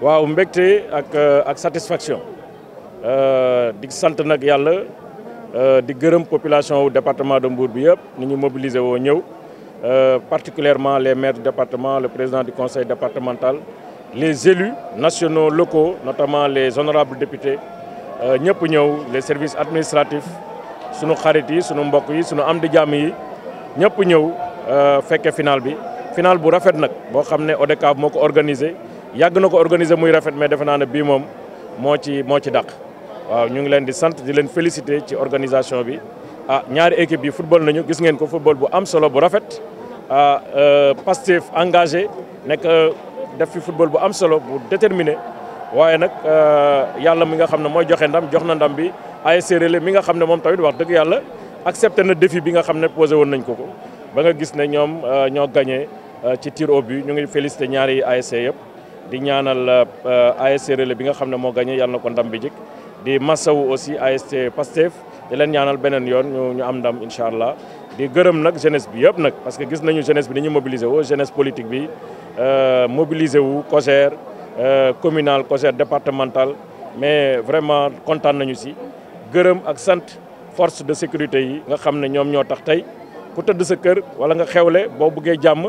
waaw mbégte ak euh, ak satisfaction euh, de sant euh, de population du département de Mbour nous nous ni particulièrement les maires du département le président du conseil départemental les élus nationaux locaux notamment les honorables députés ñëpp les services administratifs nos xarit yi sunu mbokk yi sunu final final nag yàgg na ko organiser muy rafet mais defe naa ne bii moom moo ci moo ci dàq waaw ñu ngi leen di sant di leen félicité ci organisation bi ah ñaari équipe yi football nañu gis ngeen ko football bu am solo bu rafet ah euh, Pastef engagé nekk euh, def fi football bu am solo bu déterminer waaye nag euh, yàlla mi nga xam ne mooy joxe ndam jox na ndam bi ASC le mi nga xam ne moom tamit wax dëgg yàlla accepté na défi bi nga xam ne posé woon nañ ko ko ba nga gis ne ñoom ñoo gagné ci tir au ñu ngi félicité ñaari ASC yëpp. di ñaanal euh, ASC Relais bi nga xam ne moo gagné yàlla na ko ndam bi jik di masawu aussi ASC Pastef di leen ñaanal beneen yoon ñu am ndam incha allah di gërëm nag jeunesse bi yëpp nag parce que gis nañu jeunesse bi ni ñu mobilisé woo jeunesse politique bi euh, mobilisé wu COJER euh, communal COJER départemental mais vraiment kontaan nañu si gërëm ak sant force de sécurité yi nga xam ne ñoom ñoo tax tey ku tëdd sa kër wala nga xewle boo buggee jàmm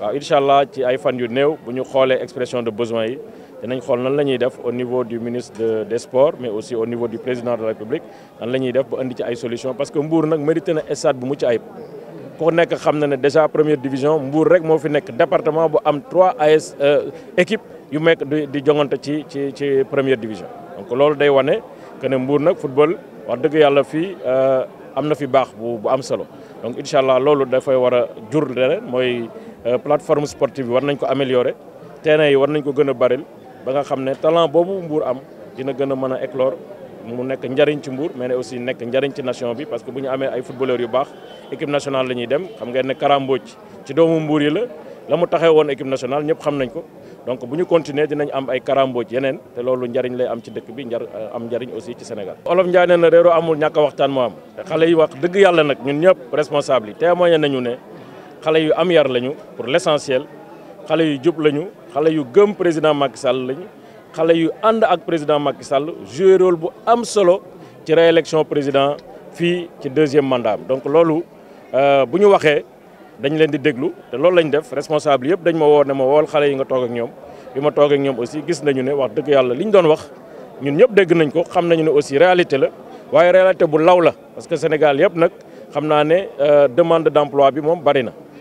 waaw incha allah ci ay fan yu néew bu ñu expression de besoin yi dinañ xool nan la ñuy def au niveau du ministre des sports mais aussi au niveau du président de la république nan la ñuy def ba indi ci ay solution parce que Mbour nag mérité na stade bu mucc ayib ku nekk xam na déjà première division Mbour rek moo fi nekk département bu am trois AS euh, équipe yu mekk di jongante ci ci première division donc loolu day wane que Mbour nag football wax dëgg yàlla fii euh, am na fi bax bu am solo donc incha allah loolu dafay war a jur leneen Euh, Platform sportive warna war nañ ko améliorer terrain yi war nañ ko gëna a baril ba nga xamné talent bobu Mbour am dina gëna mëna éclore mu nek njariñ ci Mbour mais aussi nek njariñ ci nation bi parce que buñu amé ay footballeur yu bax équipe nationale lañuy dem xam ngeen ne karambooj ci doomu Mbour yi la lamu taxé won équipe nationale ñep xam nañ ko donc buñu continuer dinañ am ay karambooj yenen té lolu njariñ lay am ci dëkk bi njar euh, am njariñ aussi ci Sénégal olof Njaay na réro amul ñaka a waxtaan moo am xalé yi wax dëgg yalla nak ñun ñep responsable té nañu né xalé yu am yar lañu pour l'essentiel xalé yu jub lañu xalé yu gëm président Macky Sall lañu xalé yu and ak président Macky Sall jouer rôle bu am solo ci réélection président fi ci deuxième mandat donc lolu euh buñu waxé dañ leen di déglu té lolu lañ def responsable yépp dañ ma woo né ma wol xalé yi nga toog ak ñom bima ma ak ñom aussi gis nañu né wax dëgg Yalla liñ doon wax ñun ñëpp dégg nañ ko xam nañu né aussi réalité la waaye réalité bu law la parce que Sénégal yépp nak xamna né euh, demande d'emploi bi mom bari na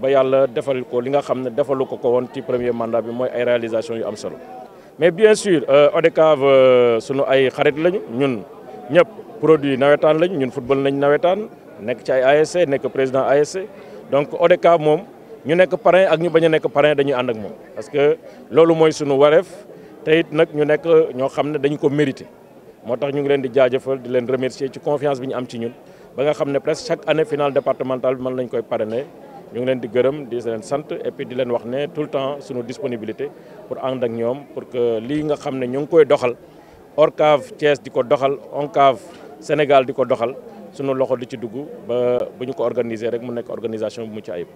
ba yàlla defal ko li nga xam ne ko ko ci premier mandat bi mooy ay réalisation yu am solo mais bien sûr euh, ODCAV euh, sunu ay xarit lañu ñun ñëpp produit nawetaan lañu ñun football nañ nawetaan nekk ci ay ASC nekk président ASC donc ODCAV moom ñu nekk parrain ak ñu bañ a nekk parrain dañuy ànd ak moom parce que loolu mooy sunu wareef te it nag ñu nekk ñoo xam ne dañu ko mérité moo tax ñu ngi leen di jaajëfal di leen remercier ci confiance bi ñu am ci ñun ba nga xam presque chaque année finale départementale bi mën lañ koy parrainer ñu ngi leen di gërëm di leen sant et puis di leen wax ne tout le temps suñu disponibilité pour ànd ak ñoom pour que lii nga xam ne ñu ngi koy doxal Orcave, Thiès di ko doxal ONCAV Sénégal di ko doxal sunu loxo di ci dugg ba bu ñu ko organiser rek mu nekk organisation bu mucc ayib.